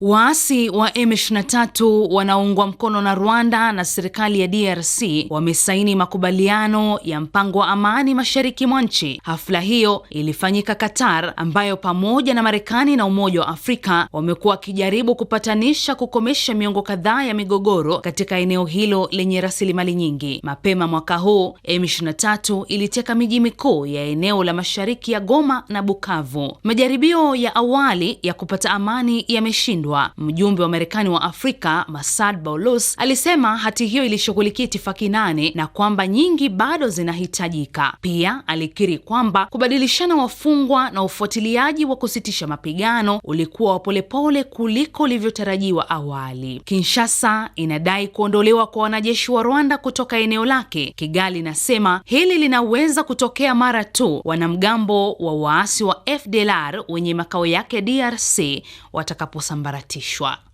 Waasi wa M23 wanaoungwa mkono na Rwanda na serikali ya DRC wamesaini makubaliano ya mpango wa amani mashariki mwa nchi. Hafla hiyo ilifanyika Qatar, ambayo pamoja na Marekani na Umoja wa Afrika wamekuwa wakijaribu kupatanisha kukomesha miongo kadhaa ya migogoro katika eneo hilo lenye rasilimali nyingi. Mapema mwaka huu M23 iliteka miji mikuu ya eneo la mashariki ya Goma na Bukavu. Majaribio ya awali ya kupata amani yameshindwa kushindwa. Mjumbe wa Marekani wa Afrika Masad Boulos alisema hati hiyo ilishughulikia itifaki nane na kwamba nyingi bado zinahitajika. Pia alikiri kwamba kubadilishana wafungwa na ufuatiliaji wa kusitisha mapigano ulikuwa wa polepole kuliko ulivyotarajiwa awali. Kinshasa inadai kuondolewa kwa wanajeshi wa Rwanda kutoka eneo lake. Kigali inasema hili linaweza kutokea mara tu wanamgambo wa waasi wa FDLR wenye makao yake DRC watakaposambara kusambaratishwa.